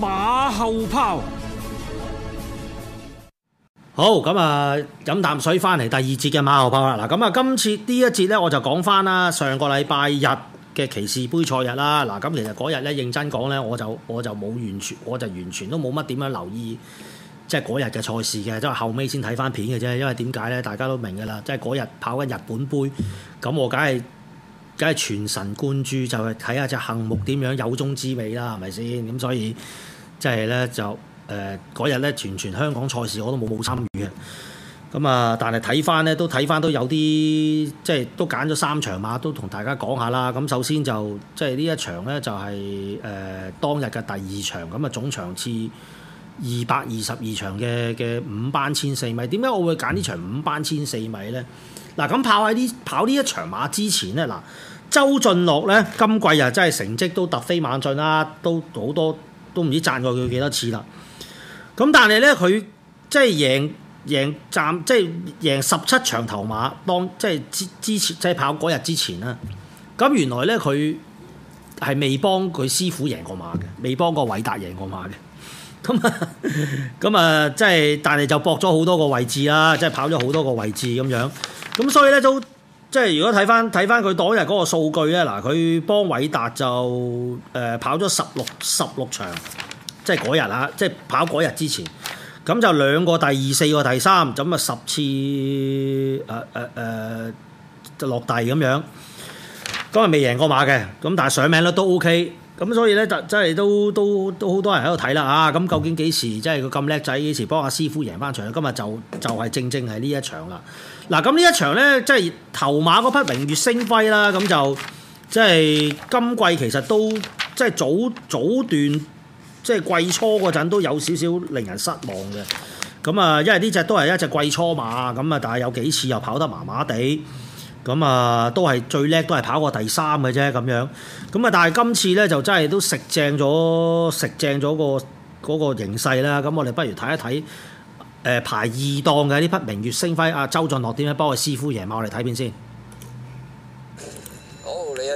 馬後炮。好，咁啊，飲啖水翻嚟，第二節嘅馬後炮啦。嗱，咁啊，今次呢一節咧，我就講翻啦。上個禮拜日嘅騎士杯賽日啦。嗱，咁其實嗰日咧認真講咧，我就我就冇完全，我就完全都冇乜點樣留意，即係嗰日嘅賽事嘅，即係後尾先睇翻片嘅啫。因為點解咧？大家都明噶啦，即係嗰日跑緊日本杯，咁我梗係。梗係全神貫注，就係睇下隻項目點樣有中之尾啦，係咪先？咁所以即係咧就誒嗰日咧全全香港賽事我都冇冇參與嘅。咁、嗯、啊，但係睇翻咧都睇翻都有啲即係都揀咗三場嘛，都同大家講下啦。咁、嗯、首先就即係呢一場咧就係、是、誒、呃、當日嘅第二場，咁啊總場次二百二十二場嘅嘅五班千四米，點解我會揀呢場五班千四米咧？嗱咁跑喺啲跑呢一場馬之前咧，嗱周俊樂咧今季又、啊、真係成績都突飛猛進啦、啊，都好多都唔知讚過佢幾多次啦。咁但係咧佢即係贏贏站即係、就是、贏十七場頭馬，當即係之之前即係、就是、跑嗰日之前啦。咁原來咧佢係未幫佢師傅贏過馬嘅，未幫過韋達贏過馬嘅。咁啊，咁啊、嗯，即、嗯、係，但係就搏咗好多個位置啦，即係跑咗好多個位置咁樣。咁所以咧都即係，如果睇翻睇翻佢當日嗰個數據咧，嗱，佢幫偉達就誒、呃、跑咗十六十六場，即係嗰日啊，即係跑嗰日之前，咁就兩個第二、四個第三，咁啊十次誒誒誒落地咁樣。嗰日未贏過馬嘅，咁但係上名率都 OK。咁所以咧，就真係都都都好多人喺度睇啦吓。咁、啊、究竟幾時即係佢咁叻仔？幾時幫阿師傅贏翻場？今日就就係、是、正正係呢一場啦。嗱、啊，咁呢一場咧，即係頭馬嗰匹明月星輝啦。咁就即係今季其實都即係早早段即係季初嗰陣都有少少令人失望嘅。咁啊，因為呢隻都係一隻季初馬，咁啊，但係有幾次又跑得麻麻地。咁啊，都係最叻，都係跑過第三嘅啫咁樣。咁啊，但係今次咧就真係都食正咗，食正咗個嗰個形勢啦。咁我哋不如睇一睇誒、呃、排二檔嘅呢匹明月星輝啊，周俊樂點樣幫佢師傅贏嘛？我哋睇片先。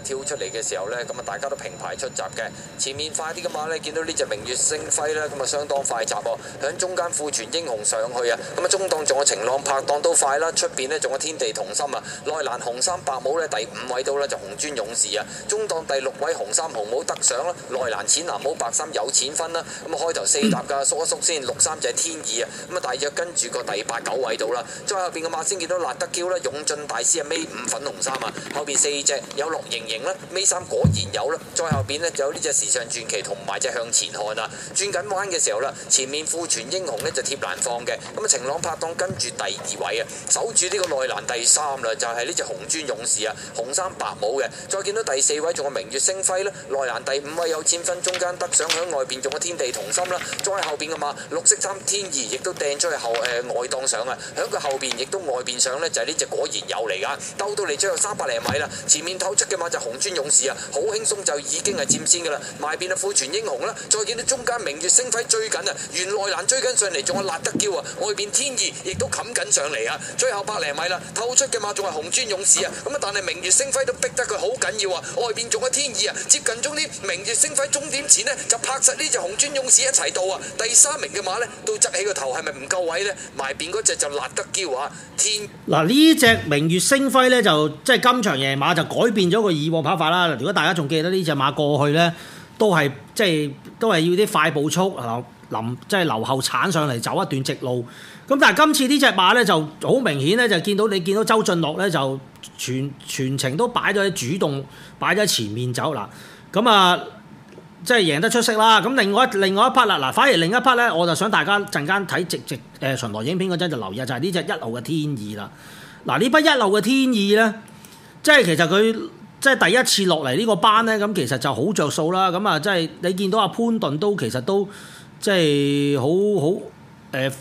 跳出嚟嘅時候呢，咁啊大家都平排出閘嘅，前面快啲嘅馬呢，見到呢隻明月星輝呢，咁啊相當快閘哦、啊，響中間庫存英雄上去啊，咁啊中檔仲有晴朗拍檔都快啦、啊，出邊呢仲有天地同心啊，內欄紅衫白帽呢，第五位到呢就紅磚勇士啊，中檔第六位紅衫紅，紅帽得上啦、啊，內欄淺藍帽白衫有錢分啦、啊，咁啊開頭四閘噶縮一縮先，六三就係天意啊，咁啊大約跟住個第八九位到啦、啊，再後邊嘅馬先見到辣得嬌啦，勇進大師啊尾五粉紅衫啊，後邊四隻有六型。型啦，尾三果然有啦，再後邊呢就有呢隻時尚傳奇同埋隻向前看啊，轉緊彎嘅時候啦，前面富全英雄呢就貼欄放嘅，咁啊晴朗拍檔跟住第二位啊，守住呢個內欄第三啦，就係、是、呢隻紅磚勇士啊，紅衫白帽嘅，再見到第四位仲有明月星輝啦，內欄第五位有千分中間得上喺外邊仲有天地同心啦，再後邊嘅嘛綠色衫天兒亦都掟出去後誒外檔上啊，喺佢後邊亦都外邊上呢，就係呢隻果然有嚟噶，兜到嚟最後三百零米啦，前面透出嘅嘛就。紅磚勇士啊，好輕鬆就已經係佔先噶啦，埋邊啊富全英雄啦，啊，再見到中間明月星輝追緊啊，原來欄追緊上嚟，仲有辣得嬌啊，外邊天意亦都冚緊上嚟啊，最後百零米啦，透出嘅馬仲係紅磚勇士啊，咁啊但係明月星輝都逼得佢好緊要啊，外邊仲有天意啊，接近終點明月星輝終點前呢，就拍實呢隻紅磚勇士一齊到啊，第三名嘅馬呢，都側起個頭係咪唔夠位呢？埋邊嗰隻就辣得嬌啊，天。嗱呢隻明月星輝呢，就即係今場夜馬就改變咗個意。跑法啦！如果大家仲記得呢隻馬過去呢，都係即係都係要啲快步速，留林即係、就係、留後鏟上嚟走一段直路。咁但係今次呢隻馬呢，就好明顯呢，就見到你見到周俊樂呢，就全全程都擺咗喺主動，擺咗喺前面走嗱。咁啊，即係贏得出色啦。咁另外另外一匹啦，嗱，反而另一匹呢，我就想大家陣間睇直直誒巡邏影片嗰陣就留意下，就係呢隻一路嘅天意啦。嗱，呢匹一路嘅天意呢，即係其實佢。即係第一次落嚟呢個班咧，咁其實就好着數啦。咁啊，即係你見到阿潘頓都其實都即係好好誒，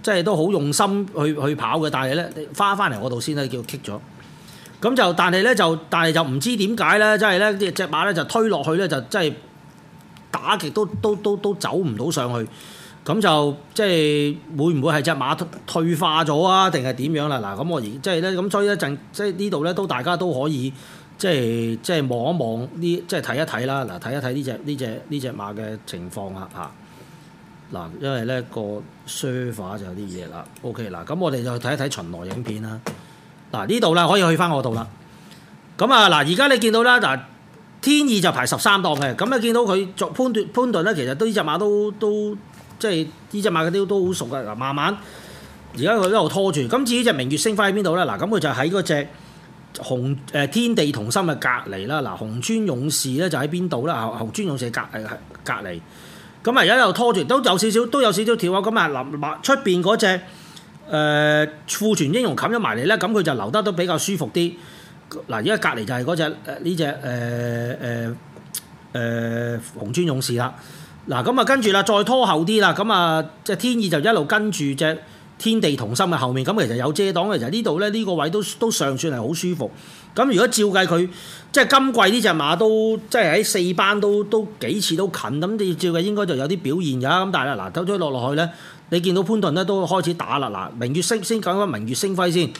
即係、呃、都好用心去去跑嘅。但係咧，返返嚟我度先咧，叫 kick 咗。咁就但係咧，就但係就唔知點解咧，即係咧隻馬咧就推落去咧，就即係打極都都都都走唔到上去。咁就即係會唔會係隻馬退化咗啊？定係點樣啦？嗱，咁我而即係咧，咁所以一陣，即係呢度咧，都大家都可以。即係即係望一望呢，即係睇一睇啦。嗱，睇一睇呢隻呢隻呢隻馬嘅情況啊嚇。嗱，因為咧個 server 就有啲嘢啦。OK，嗱，咁我哋就睇一睇巡邏影片啦。嗱，呢度啦可以去翻我度啦。咁啊嗱，而家你見到啦嗱，天意就排十三檔嘅。咁啊，見到佢作潘頓，潘頓咧，其實對呢隻馬都都即係呢隻馬嘅都都好熟噶。嗱，慢慢而家佢都喺度拖住。咁至於隻明月星輝喺邊度咧？嗱，咁佢就喺嗰隻。紅誒天地同心嘅隔離啦，嗱，紅磚勇士咧就喺邊度啦？啊，紅磚勇士隔誒隔離，咁啊而家又拖住，都有少少都有少少跳啊。咁啊，嗱出邊嗰隻誒庫存英雄冚咗埋嚟咧，咁佢就留得都比較舒服啲。嗱，而家隔離就係嗰隻誒呢隻誒誒誒紅磚勇士啦。嗱，咁啊跟住啦，再拖後啲啦，咁啊即係天意就一路跟住隻天地同心嘅後面，咁其實有遮擋嘅，其實呢度咧，呢個位都都尚算係好舒服。咁如果照計佢，即係今季呢隻馬都，即係喺四班都都幾次都近，咁你照計應該就有啲表現㗎。咁但係啦，嗱，走咗落落去咧，你見到潘頓咧都開始打啦。嗱，明月升先講翻明月升輝先。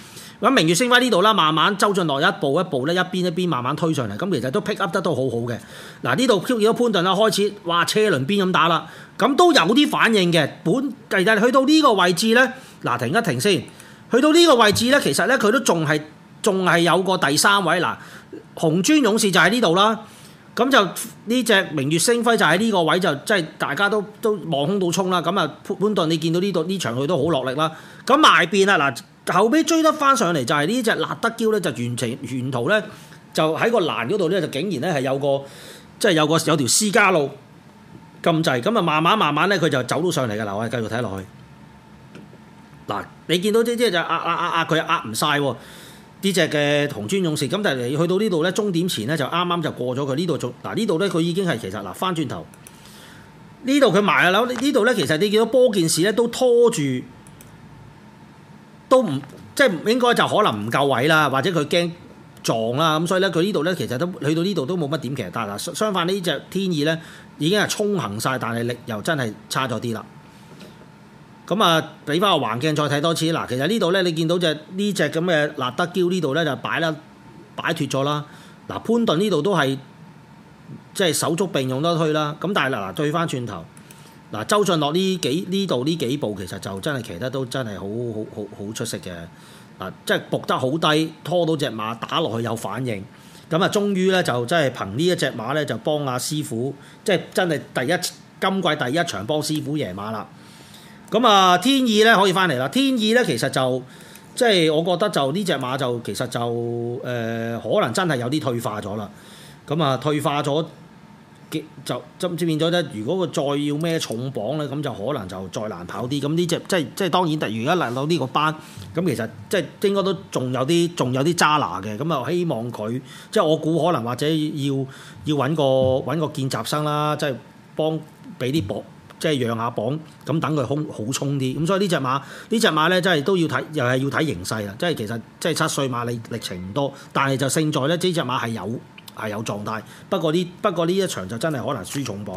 咁明月星輝呢度啦，慢慢周俊樂一步一步咧，一邊一邊慢慢推上嚟，咁其實都 pick up 得都好好嘅。嗱、啊，呢度 Q 見到潘頓咧開始，哇車輪邊咁打啦，咁都有啲反應嘅。本其實去到呢個位置咧，嗱、啊、停一停先。去到呢個位置咧，其實咧佢都仲係仲係有個第三位，嗱、啊，紅磚勇士就喺呢度啦。咁就呢隻明月星輝就喺呢個位就即係大家都都望空到衝啦。咁啊潘潘頓你，你見到呢度呢場佢都好落力啦。咁、啊、埋邊啊嗱？啊後尾追得翻上嚟就係呢隻辣得嬌咧，就完全沿途咧就喺個欄嗰度咧就竟然咧係有個即係、就是、有個有條私家路咁滯，咁啊慢慢慢慢咧佢就走咗上嚟㗎喇。嗱我哋繼續睇落去。嗱你見到即即就壓壓壓壓佢壓唔晒呢隻嘅銅鑽勇士，咁、啊啊啊、但係去到呢度咧終點前咧就啱啱就過咗佢呢度。終嗱呢度咧佢已經係其實嗱翻轉頭呢度佢埋下樓呢度咧，其實你見到波件事咧都拖住。都唔即係應該就可能唔夠位啦，或者佢驚撞啦、啊，咁所以咧佢呢度咧其實都去到呢度都冇乜點騎。其實得嗱，相反呢隻天意咧已經係衝行晒，但係力又真係差咗啲啦。咁啊，比翻個環境再睇多次嗱，其實呢度咧你見到隻呢隻咁嘅辣德嬌呢度咧就擺得擺脫咗啦。嗱，潘頓呢度都係即係手足並用都推啦。咁但係嗱，對翻轉頭。嗱，周俊樂呢幾呢度呢幾步其實就真係騎得都真係好好好好出色嘅，嗱，即係伏得好低，拖到隻馬打落去有反應，咁啊，終於咧就真係憑呢一隻馬咧就幫阿師傅，即係真係第一今季第一場幫師傅贏馬啦，咁啊天意咧可以翻嚟啦，天意咧其實就即係我覺得就呢隻馬就其實就誒、呃、可能真係有啲退化咗啦，咁啊退化咗。就即即變咗咧，如果佢再要咩重磅咧，咁就可能就再難跑啲。咁呢隻即即即當然，突然而家嚟到呢個班，咁其實即，即，即，即應該都仲有啲仲有啲渣拿嘅。咁、嗯、啊，希望佢即我估可能或者要要揾個揾個見習生啦，即幫俾啲薄即讓下磅，咁等佢好好衝啲。咁所以呢隻馬，馬呢隻馬咧，真係都要睇，又係要睇形勢啦。即其實即七歲馬你歷程唔多，但係就勝在咧，呢隻馬係有。係、啊、有狀態，不過呢不過呢一場就真係可能輸重磅，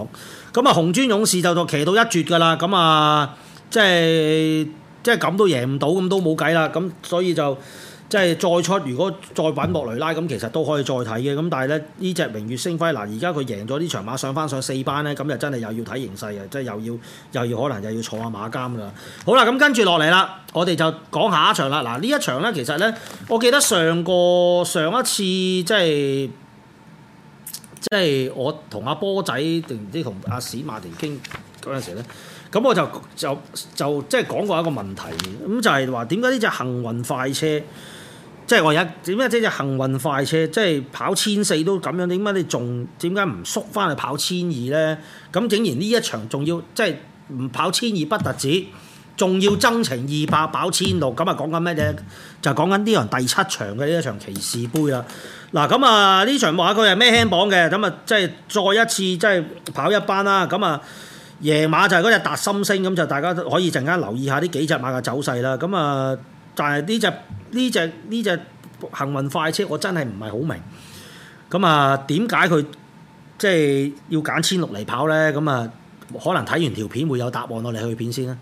咁啊紅磚勇士就就騎到一絕㗎啦，咁、嗯、啊即係即係咁都贏唔到，咁都冇計啦，咁、嗯、所以就即係再出，如果再搵莫雷拉，咁其實都可以再睇嘅，咁、嗯、但係咧呢隻明月星輝嗱，而家佢贏咗呢場馬上翻上四班咧，咁就真係又要睇形勢啊，即係又要又要可能又要坐下馬監㗎啦。好啦，咁、嗯、跟住落嚟啦，我哋就講下一場啦。嗱呢一場咧，其實咧，我記得上個上一次即係。即係我同阿波仔定唔知同阿史馬田傾嗰陣時咧，咁我就就就即係講過一個問題，咁就係話點解呢隻幸運快車，即係我有點解即隻幸運快車，即係跑千四都咁樣，點解你仲點解唔縮翻去跑千二咧？咁竟然呢一場仲要即係唔跑千二不特止。仲要增程二百跑千六，咁啊講緊咩啫？就講緊呢場第七場嘅呢一場騎士杯啦。嗱，咁啊呢場馬佢係咩輕磅嘅，咁啊即係再一次即係、就是、跑一班啦。咁啊夜馬就係嗰隻達心星，咁就大家可以陣間留意下呢幾隻馬嘅走勢啦。咁啊，但係呢隻呢隻呢隻幸運快車，我真係唔係好明。咁啊，點解佢即係要揀千六嚟跑咧？咁啊，可能睇完條片會有答案，我哋去片先啦。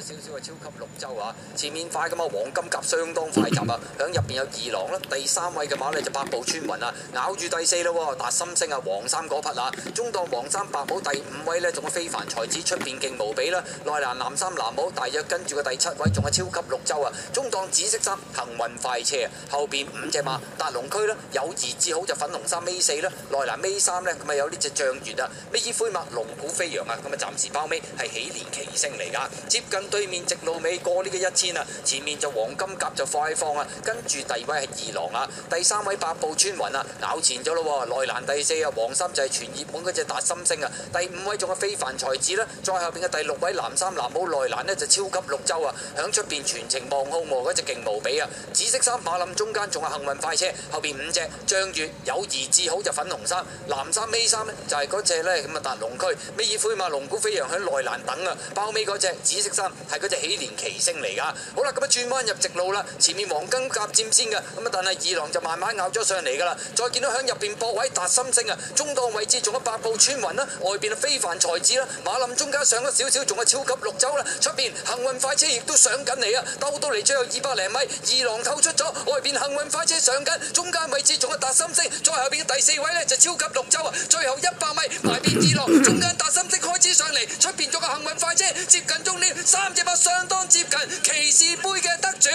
少少嘅超級綠洲啊！前面快嘅啊，黃金甲相當快閘啊，響入邊有二郎啦。第三位嘅馬咧就百步村民啊，咬住第四啦。達心星啊，黃衫嗰匹啊。中檔黃衫白帽。第五位呢，仲係非凡才子出邊勁無比啦、啊。內欄藍衫藍帽，大約跟住個第七位仲係超級綠洲啊。中檔紫色衫行運快車，後邊五隻馬達龍區啦，有字至好就粉紅衫尾四啦。內欄尾三呢，咁啊有呢隻象員啊，尾二二灰馬龍虎飛揚啊，咁啊暫時包尾係喜連奇星嚟噶，接近。對面直路尾過呢個一千啊，前面就黃金甲就快放，放啊，跟住第二位係二郎啊，第三位八步穿雲啊，咬前咗咯喎，內欄第四啊黃衫就係全熱門嗰隻達心星啊，第五位仲係非凡才子啦、啊，再後邊嘅第六位藍衫藍帽內欄呢，就超級綠洲啊，響出邊全程望號望嗰隻勁無比啊，紫色衫馬冧中間仲係幸運快車，後邊五隻仗住友誼至好就粉紅衫，藍衫尾衫呢，就係嗰隻呢，咁啊達龍區，尾二灰嘛龍骨飛揚響內欄等啊，包尾嗰隻紫色衫。係嗰隻起連奇星嚟噶，好啦，咁啊轉彎入直路啦，前面黃金甲佔先嘅，咁啊但係二郎就慢慢咬咗上嚟噶啦，再見到響入邊博位達心星啊，中檔位置仲有百步穿雲啦，外邊啊非凡才智啦，馬林中間上咗少少仲有超級綠洲啦，出邊幸運快車亦都上緊嚟啊，兜到嚟最後二百零米，二郎透出咗，外邊幸運快車上緊，中間位置仲有達心星，再後邊嘅第四位呢，就超級綠洲啊，最後一百米埋邊二郎，中間達心星開始上嚟，出邊仲有個幸運快車接近終點。呢隻馬相當接近騎士杯嘅得主，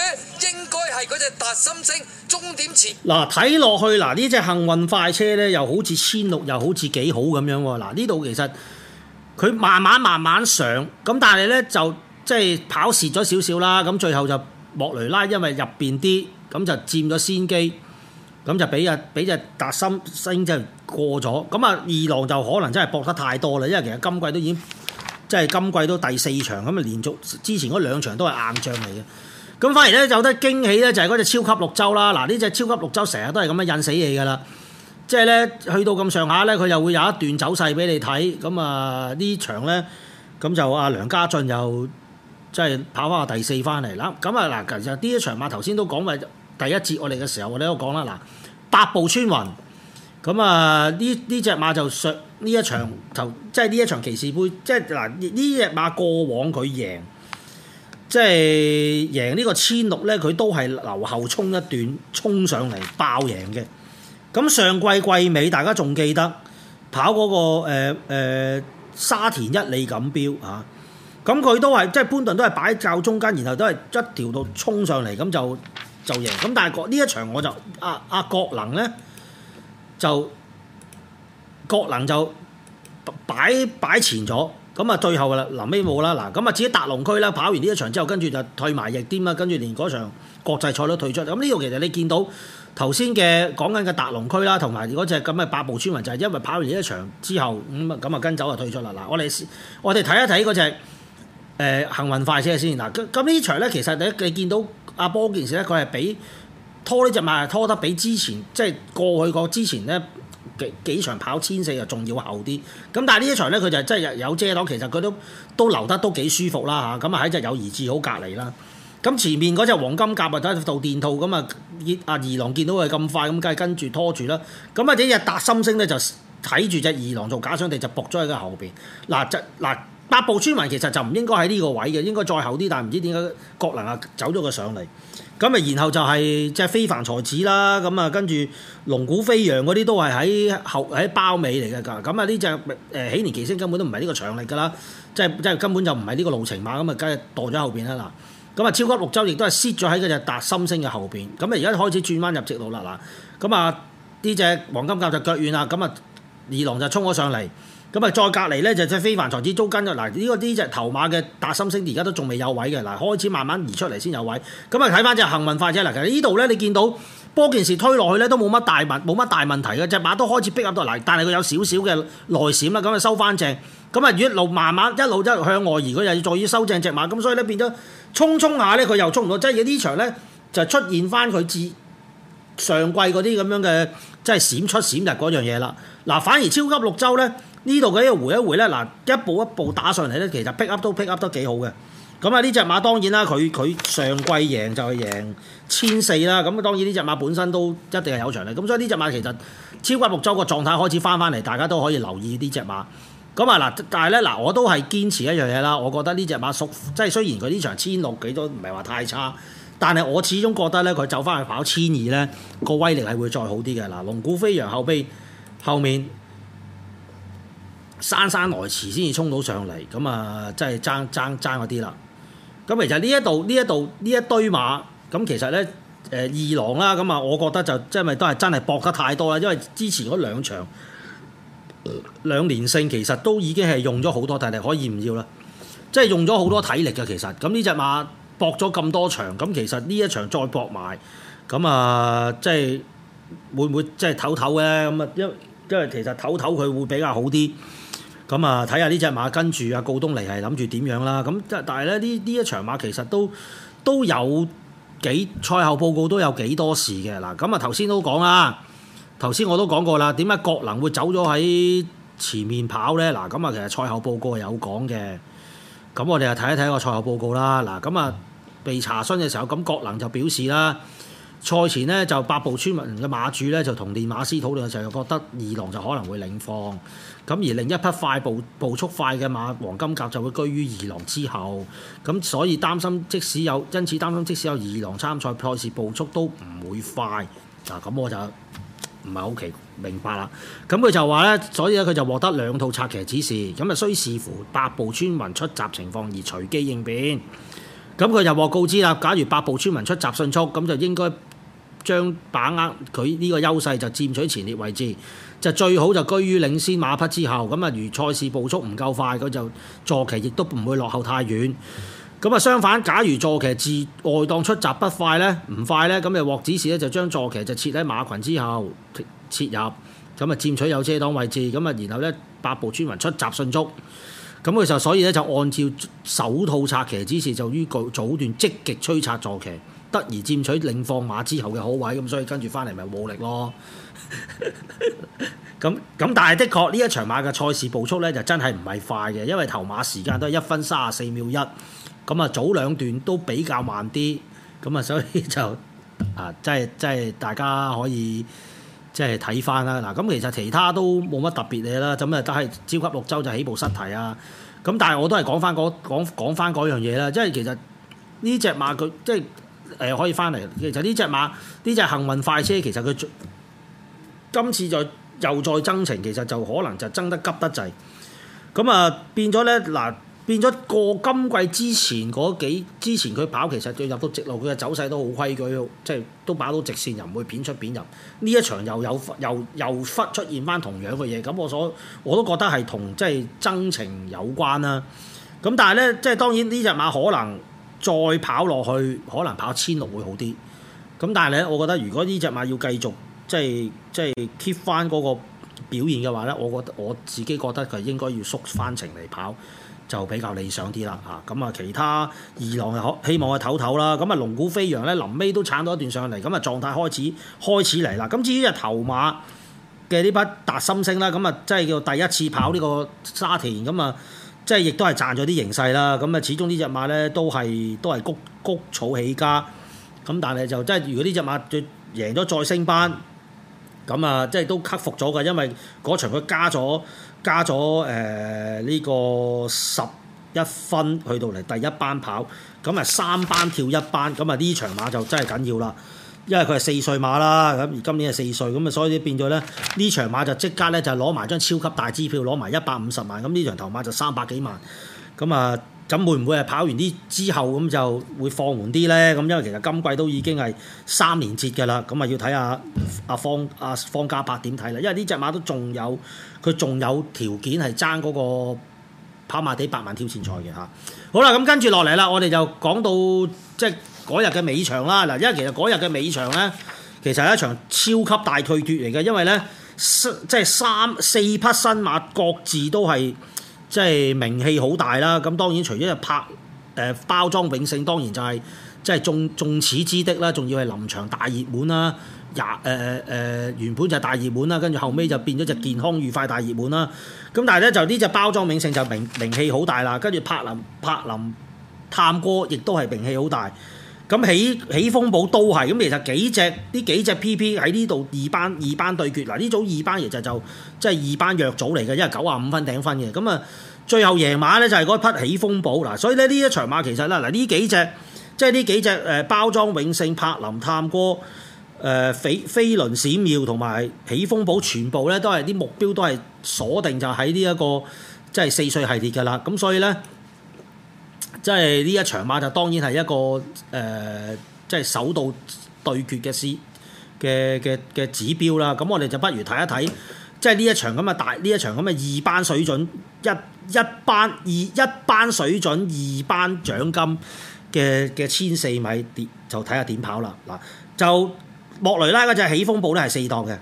應該係嗰隻達心星終點前嗱，睇落去嗱呢隻幸運快車咧，又好似千六，又好似幾好咁樣。嗱，呢度其實佢慢慢慢慢上，咁但係咧就即係跑蝕咗少少啦。咁最後就莫雷拉因為入邊啲咁就佔咗先機，咁就俾啊俾隻達心星就過咗。咁啊二郎就可能真係搏得太多啦，因為其實今季都已經。即係今季都第四場咁啊，連續之前嗰兩場都係硬仗嚟嘅，咁反而咧有得驚喜咧，就係嗰隻超級綠洲啦！嗱，呢隻超級綠洲成日都係咁樣印死你噶啦，即係咧去到咁上下咧，佢又會有一段走勢俾你睇。咁啊，呢場咧咁就阿梁家俊又即係跑翻第四翻嚟啦。咁啊嗱，其實呢一場馬，頭先都講埋第一節我哋嘅時候，我哋都講啦，嗱，八步穿雲，咁啊呢呢隻馬就上。呢一場頭即係呢一場騎士杯，即係嗱呢一馬過往佢贏，即係贏個 1, 6, 呢個千六咧，佢都係留後衝一段，衝上嚟爆贏嘅。咁上季季尾大家仲記得跑嗰、嗰個誒、呃呃、沙田一里錦標啊？咁佢都係即係潘頓都係擺喺較中間，然後都係一調到衝上嚟咁就就贏。咁但係呢一場我就阿阿郭能咧就。國能就擺擺前咗，咁啊最後啦，臨尾冇啦，嗱咁啊，至於達龍區啦，跑完呢一場之後，跟住就退埋役啲嘛，跟住連嗰場國際賽都退出，咁呢度其實你見到頭先嘅講緊嘅達龍區啦，同埋嗰隻咁嘅八部村民就係、是、因為跑完呢一場之後，咁啊咁啊跟走就退出啦，嗱，我哋我哋睇一睇嗰隻誒幸運快車先，嗱，咁呢場咧其實你你見到阿波件事咧，佢係比拖呢隻馬拖得比之前即係、就是、過去個之前咧。幾場跑千四就仲要厚啲，咁但係呢一場咧佢就真係有遮擋，其實佢都都留得都幾舒服啦嚇，咁啊喺隻友誼至好隔離啦，咁、啊、前面嗰隻黃金甲咪都係套電套，咁啊阿二郎見到佢咁快，咁梗係跟住拖住啦，咁啊啲日達心星咧就睇住隻二郎做假想敵就駁咗喺佢後邊，嗱、啊、就嗱八部村民其實就唔應該喺呢個位嘅，應該再厚啲，但係唔知點解郭能啊走咗佢上嚟。咁咪然後就係即係非凡才子啦，咁啊跟住龍鼓飛揚嗰啲都係喺後喺包尾嚟嘅，咁啊呢隻誒起年奇星根本都唔係呢個場嚟噶啦，即係即係根本就唔係呢個路程馬，咁啊梗係墮咗後邊啦嗱，咁啊超級綠洲亦都係 sit 咗喺嗰隻達心星嘅後邊，咁啊而家開始轉翻入直路啦嗱，咁啊呢隻黃金甲就腳軟啦，咁啊二郎就衝咗上嚟。咁啊，再隔離咧就隻非凡才子租金啊！嗱，呢個呢隻頭馬嘅達心星，而家都仲未有位嘅，嗱，開始慢慢移出嚟先有位。咁啊，睇翻隻幸運快車啦，其實呢度咧你見到波件事推落去咧都冇乜大問，冇乜大問題嘅，隻馬都開始逼入到，嚟，但係佢有少少嘅內閃啦，咁啊收翻正。咁啊，一路慢慢一路一路向外移，佢又要再於收正隻馬，咁所以咧變咗沖沖下咧佢又衝唔到，即係呢場咧就出現翻佢至上季嗰啲咁樣嘅即係閃出閃入嗰樣嘢啦。嗱，反而超級綠洲咧。呢度嘅一回一回咧，嗱，一步一步打上嚟咧，其實 pick up 都 pick up 得幾好嘅。咁啊，呢隻馬當然啦，佢佢上季贏就係贏千四啦。咁當然呢隻馬本身都一定係有長力。咁所以呢隻馬其實超級木州個狀態開始翻翻嚟，大家都可以留意呢隻馬。咁啊嗱，但係咧嗱，我都係堅持一樣嘢啦。我覺得呢隻馬屬，即係雖然佢呢場千六幾都唔係話太差，但係我始終覺得咧佢走翻去跑千二咧個威力係會再好啲嘅。嗱，龍骨飛揚後邊後面。姍姍來遲先至衝到上嚟，咁啊，真係爭爭爭嗰啲啦。咁其實呢一度呢一度呢一堆馬，咁其實呢誒二郎啦，咁啊，我覺得就即係咪都係真係搏得太多啦。因為之前嗰兩場兩連勝，其實都已經係用咗好多體力，可以唔要啦。即係用咗好多體力嘅其實，咁呢隻馬搏咗咁多場，咁其實呢一場再搏埋，咁啊，即係會唔會即係唞唞呢？咁啊，因因為其實唞唞佢會比較好啲。咁啊，睇下呢隻馬跟住啊，告東尼係諗住點樣啦？咁但係咧，呢呢一場馬其實都都有幾賽後報告都有幾多事嘅嗱。咁啊頭先都講啦，頭先我都講過啦，點解國能會走咗喺前面跑咧？嗱，咁啊其實賽後報告係有講嘅。咁我哋啊睇一睇個賽後報告啦。嗱，咁啊被查詢嘅時候，咁國能就表示啦。賽前呢，就八部村民嘅馬主咧就同練馬師討論嘅時候就覺得二郎就可能會領放，咁而另一匹快步步速快嘅馬黃金甲就會居於二郎之後，咁所以擔心即使有因此擔心即使有二郎參賽賽事步速都唔會快，嗱咁我就唔係好奇明白啦，咁佢就話咧，所以咧佢就獲得兩套策騎指示，咁啊需視乎八部村民出閘情況而隨機應變，咁佢就獲告知啦，假如八部村民出閘迅速咁就應該，將把握佢呢個優勢就佔取前列位置，就最好就居於領先馬匹之後。咁啊，如賽事步速唔夠快，佢就坐騎亦都唔會落後太遠。咁啊，相反，假如坐騎自外檔出閘不快呢？唔快呢？咁就獲指示呢，就將坐騎就設喺馬群之後切入，咁啊佔取有遮擋位置。咁啊，然後呢，八部村民出閘迅速。咁佢就所以呢，就按照首套策騎指示，就於早段積極催策坐騎。而佔取領放馬之後嘅好位，咁所以跟住翻嚟咪冇力咯。咁咁，但係的確呢一場馬嘅賽事步速咧，就真係唔係快嘅，因為頭馬時間都係一分三十四秒一。咁啊，早兩段都比較慢啲，咁、嗯、啊，所以就啊，即係即係大家可以即係睇翻啦。嗱，咁、啊、其實其他都冇乜特別嘢啦。咁啊，都係超級六週就起步失蹄啊。咁、嗯、但係我都係講翻嗰講翻嗰樣嘢啦，即係其實呢隻馬佢即係。誒、呃、可以翻嚟，其實呢隻馬，呢隻幸運快車，其實佢今次再又再增程，其實就可能就增得急得滯，咁啊變咗咧嗱，變咗過今季之前嗰幾之前佢跑，其實就入到直路佢嘅走勢都好規矩，即係都跑到直線又唔會偏出偏入。呢一場又有又又忽出現翻同樣嘅嘢，咁我所我都覺得係同即係增程有關啦、啊。咁但係咧，即係當然呢隻馬可能。再跑落去，可能跑千六會好啲。咁但係咧，我覺得如果呢隻馬要繼續即係即係 keep 翻嗰個表現嘅話咧，我覺得我自己覺得佢應該要縮翻程嚟跑就比較理想啲啦嚇。咁啊，其他二郎係可希望係唞唞啦。咁啊，龍鼓飛揚咧，臨尾都撐到一段上嚟，咁啊狀態開始開始嚟啦。咁至於呢隻頭馬嘅呢匹達心星啦，咁啊即係叫第一次跑呢個沙田咁啊。即係亦都係賺咗啲形勢啦，咁啊始終呢隻馬呢都係都係谷谷草起家，咁但係就即係如果呢隻馬再贏咗再升班，咁啊即係都克服咗嘅，因為嗰場佢加咗加咗誒呢個十一分去到嚟第一班跑，咁啊三班跳一班，咁啊呢場馬就真係緊要啦。因為佢係四歲馬啦，咁而今年係四歲，咁啊，所以變咗咧呢場馬就即刻咧就攞埋張超級大支票，攞埋一百五十萬，咁呢場頭馬就三百幾萬。咁啊，咁會唔會係跑完啲之後咁就會放緩啲呢？咁因為其實今季都已經係三連捷㗎啦，咁啊要睇下阿方阿、啊、方嘉柏點睇啦？因為呢隻馬都仲有佢仲有條件係爭嗰個跑馬地百萬挑戰賽嘅嚇。好啦，咁、嗯、跟住落嚟啦，我哋就講到即係。嗰日嘅尾場啦，嗱，因為其實嗰日嘅尾場咧，其實係一場超級大對決嚟嘅，因為咧，即係三四匹新馬各自都係即係名氣好大啦。咁當然除咗阿柏誒包裝永勝，當然就係、是、即係眾眾矢之的啦，仲要係臨場大熱門啦，廿誒誒原本就係大熱門啦，跟住後尾就變咗隻健康愉快大熱門啦。咁但係咧就呢隻包裝永勝就名名氣好大啦，跟住柏林柏林探戈亦都係名氣好大。咁起起風堡都係，咁其實幾隻呢幾隻 P.P. 喺呢度二班二班對決，嗱，呢組二班其實就係、即係二班弱組嚟嘅，因為九啊五分頂分嘅，咁啊最後贏馬咧就係嗰匹起風堡，嗱，所以咧呢一場馬其實啦，嗱，呢幾隻即係呢幾隻誒包裝永勝、柏林探戈、誒飛飛輪閃耀同埋起風堡，全部咧都係啲目標都係鎖定就喺呢一個即係四歲系列㗎啦，咁所以咧。即係呢一場馬就當然係一個誒、呃，即係首度對決嘅試嘅嘅嘅指標啦。咁我哋就不如睇一睇，即係呢一場咁嘅大，呢一場咁嘅二班水準，一一班二一班水準，二班獎金嘅嘅千四米點就睇下點跑啦。嗱，就，看看就莫雷拉嗰隻起風暴咧係四檔嘅，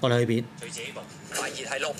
我哋去邊？第二快係六。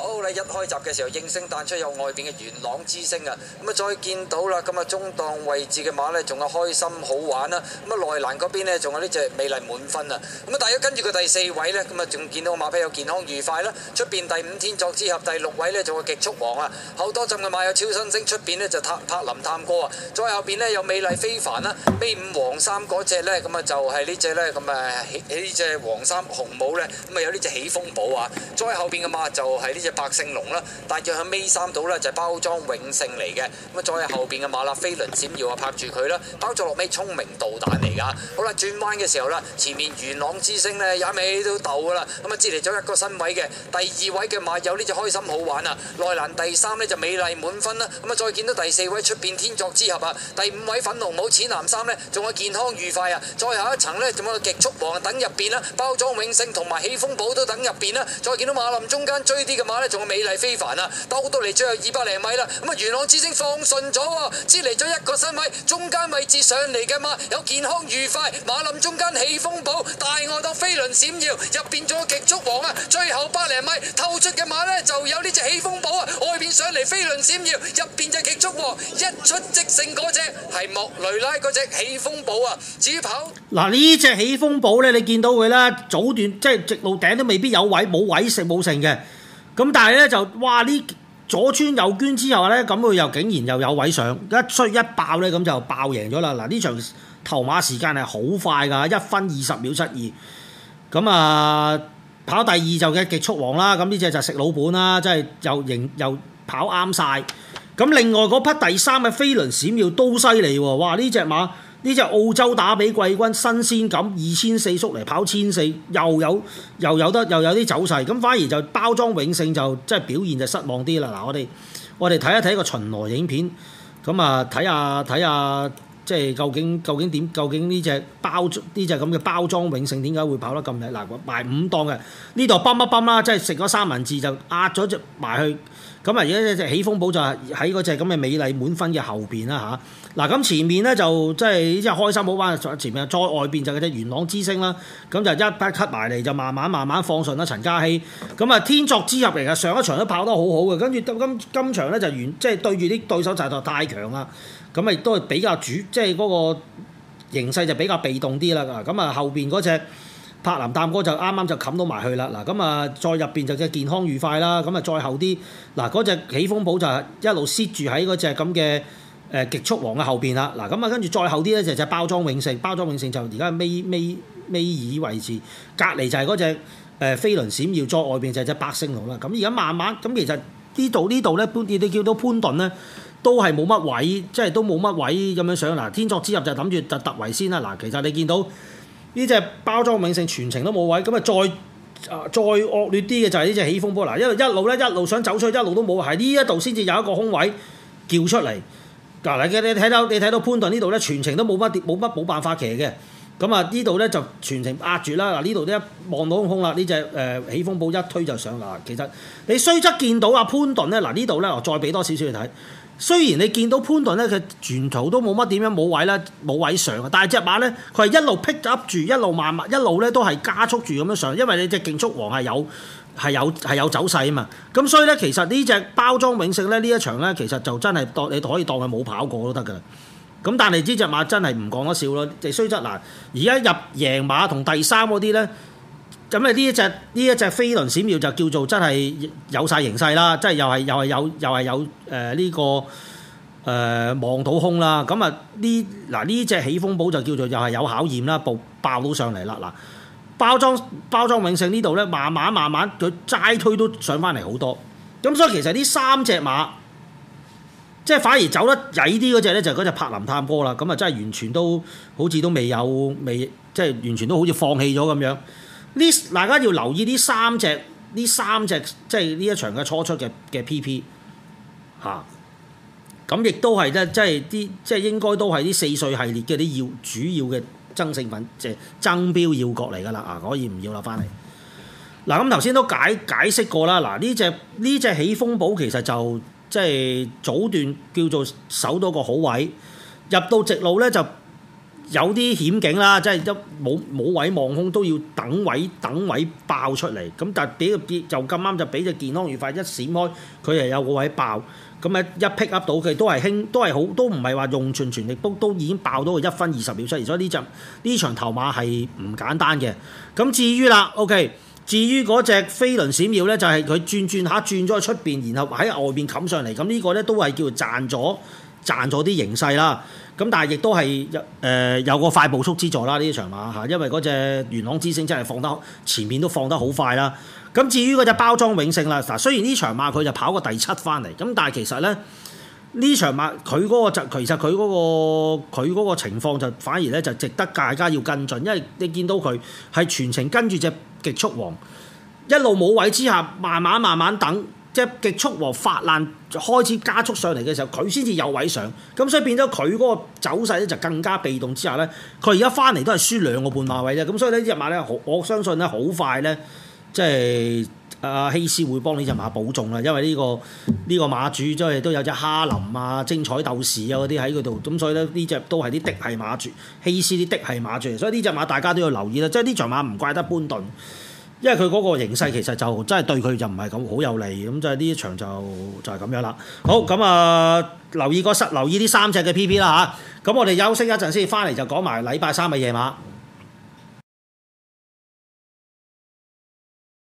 好、哦，你一開閘嘅時候應聲彈出有外邊嘅元朗之星啊！咁啊再見到啦，咁啊中檔位置嘅馬呢，仲有開心好玩啦、啊。咁啊內欄嗰邊呢，仲有呢隻美麗滿分啊！咁、嗯、啊大家跟住個第四位呢，咁啊仲見到馬匹有健康愉快啦、啊。出邊第五天作之合，第六位呢，仲有極速王啊！好多陣嘅馬有超新星，出邊呢，就柏林探戈啊。再後邊呢，有美麗非凡啦，B 五黃三嗰隻呢，咁、嗯、啊就係呢隻呢，咁、嗯、啊起呢隻黃衫紅帽呢，咁、嗯、啊有呢隻起風寶啊。再後邊嘅馬就係呢隻。白勝龍啦，帶住佢尾三度呢，就係包裝永勝嚟嘅，咁啊再喺後邊嘅馬勒飛輪閃耀啊拍住佢啦，包咗落尾聰明導彈嚟噶，好啦，轉彎嘅時候啦，前面元朗之星呢，有一尾都斗噶啦，咁啊接嚟咗一個新位嘅第二位嘅馬友呢就開心好玩啊，內欄第三呢，就美麗滿分啦，咁啊再見到第四位出邊天作之合啊，第五位粉紅帽淺藍衫呢，仲係健康愉快啊，再下一層呢仲有個極速王等入邊啦，包裝永勝同埋起風寶都等入邊啦，再見到馬林中間追啲嘅馬。仲有美麗非凡啊！到到嚟最後二百零米啦，咁啊，元朗之星放順咗，支嚟咗一個新米，中間位置上嚟嘅馬有健康愉快，馬林中間起風堡，大外到飛輪閃耀，入邊仲有極速王啊！最後百零米透出嘅馬呢，就有呢隻起風堡啊，外邊上嚟飛輪閃耀，入邊就極速王，一出即勝嗰隻係莫雷拉嗰隻起風堡啊！至於跑嗱呢隻起風堡呢，你見到佢啦，早段即係直路頂都未必有位，冇位食冇剩嘅。咁但係咧就哇呢左穿右捐之後咧，咁佢又竟然又有位上一追一爆咧，咁就爆贏咗啦！嗱，呢場頭馬時間係好快㗎，一分二十秒七二。咁、嗯、啊，跑第二就嘅極速王啦，咁呢隻就食老本啦，即係又贏又跑啱晒。咁另外嗰匹第三嘅飛輪閃耀都犀利喎，哇呢隻馬！呢隻澳洲打比季軍，新鮮感二千四縮嚟，跑千四，又有又有得又有啲走勢，咁反而就包裝永勝就即係表現就失望啲啦。嗱，我哋我哋睇一睇個巡邏影片，咁啊睇下睇下。看看即係究竟究竟點？究竟呢隻包裝呢隻咁嘅包裝永盛點解會跑得咁叻？嗱，買五檔嘅呢度泵一泵啦，即係食咗三文治就壓咗隻埋去。咁啊，而家呢隻起風寶就喺嗰隻咁嘅美麗滿分嘅後邊啦嚇。嗱、啊，咁前面咧就即係呢隻開心寶灣，前面，前面再外邊就嗰隻元朗之星啦。咁、啊嗯、就一筆吸埋嚟，就慢慢慢慢放順啦。陳嘉希咁啊，天作之合嚟啊，上一場都跑得好好嘅，跟住今今場咧就完，即係對住啲對手就太強啦。咁咪都係比較主，即係嗰個形勢就比較被動啲啦。咁啊，後邊嗰隻柏林淡哥就啱啱就冚到埋去啦。嗱，咁啊，再入邊就隻健康愉快啦。咁啊，再後啲，嗱，嗰隻起風堡就係一路 sit 住喺嗰隻咁嘅誒極速王嘅後邊啦。嗱，咁啊，跟住再後啲咧就係隻包裝永盛，包裝永盛就而家尾尾尾耳位置，隔離就係嗰隻誒飛輪閃耀。再外邊就係隻百星龍啦。咁而家慢慢咁，其實呢度呢度咧，潘亦都叫到潘頓咧。都係冇乜位，即係都冇乜位咁樣上。嗱，天作之合就係諗住突突圍先啦。嗱，其實你見到呢隻包裝明星全程都冇位。咁啊再再惡劣啲嘅就係呢隻起風波啦，因為一路咧一路想走出去，一路都冇。係呢一度先至有一個空位叫出嚟。嗱，你你睇到你睇到潘頓呢度咧，全程都冇乜冇乜冇辦法騎嘅。咁啊呢度咧就全程壓住啦。嗱，呢度咧望到空空啦，呢隻誒起風波一推就上。嗱，其實你雖則見到阿潘頓咧。嗱，呢度咧，我再俾多少少你睇。雖然你見到潘頓咧，佢全途都冇乜點樣冇位咧，冇位上嘅，但係隻馬咧，佢係一路 pick up 住，一路慢，慢一路咧都係加速住咁樣上，因為你隻勁速王係有係有係有走勢啊嘛。咁所以咧，其實呢隻包裝永勝咧，呢一場咧，其實就真係當你可以當佢冇跑過都得㗎。咁但係呢隻馬真係唔講得笑咯，就雖則嗱。而家入贏馬同第三嗰啲咧。咁啊！呢一隻呢一隻飛輪閃耀就叫做真係有晒形勢啦，真係又係又係有又係有誒呢個誒、呃、望到空啦。咁啊呢嗱呢隻起風寶就叫做又係有考驗啦，爆爆到上嚟啦嗱。包裝包裝永盛呢度咧，慢慢慢慢佢齋推都上翻嚟好多。咁、嗯、所以其實呢三隻馬，即係反而走得曳啲嗰隻咧，就係、是、嗰隻柏林探戈啦。咁啊，真係完全都好似都未有未，即係完全都好似放棄咗咁樣。呢，大家要留意呢三隻呢三隻，即係呢一場嘅初出嘅嘅 PP 嚇、啊，咁亦都係即係即係啲即係應該都係啲四歲系列嘅啲要主要嘅爭勝品，即係爭標要角嚟㗎啦，啊，可以唔要啦翻嚟。嗱，咁頭先都解解釋過啦。嗱，呢隻呢隻起風寶其實就，即係早段叫做守到個好位，入到直路咧，就有啲險境啦，即係一冇冇位望空都要等位等位爆出嚟，咁但係俾就咁啱就俾隻健康愉快一閃開，佢係有個位爆，咁啊一 pick up 到佢都係輕都係好都唔係話用盡全力，都都已經爆到一分二十秒出，所以呢隻呢場頭馬係唔簡單嘅。咁至於啦，OK，至於嗰隻飛輪閃耀咧，就係、是、佢轉轉下轉咗出邊，然後喺外邊冚上嚟，咁呢個咧都係叫賺咗賺咗啲形勢啦。咁但係亦都係有誒有個快步速之助啦，呢場馬嚇，因為嗰隻元朗之星真係放得前面都放得好快啦。咁至於嗰隻包裝永勝啦，嗱雖然呢場馬佢就跑過第七翻嚟，咁但係其實咧呢場馬佢嗰個就其實佢嗰個佢嗰個情況就反而咧就值得大家要跟進，因為你見到佢係全程跟住隻極速王一路冇位之下，慢慢慢慢等。即係極速和發難開始加速上嚟嘅時候，佢先至有位上，咁所以變咗佢嗰個走勢咧就更加被動之下咧，佢而家翻嚟都係輸兩個半馬位啫，咁所以咧呢隻馬咧，我相信咧好快咧，即係阿希斯會幫呢隻馬保重啦，因為呢個呢個馬主即係都有隻哈林啊、精彩鬥士啊嗰啲喺嗰度，咁所以咧呢隻都係啲的係馬主，希斯啲的係馬主，所以呢隻馬大家都要留意啦，即係呢場馬唔怪得班頓。因為佢嗰個形勢其實就真係對佢就唔係咁好有利，咁就係呢場就就係、是、咁樣啦。好，咁啊留意嗰三，留意，留意三隻嘅 P P 啦嚇。咁、啊、我哋休息一陣先，翻嚟就講埋禮拜三嘅夜馬。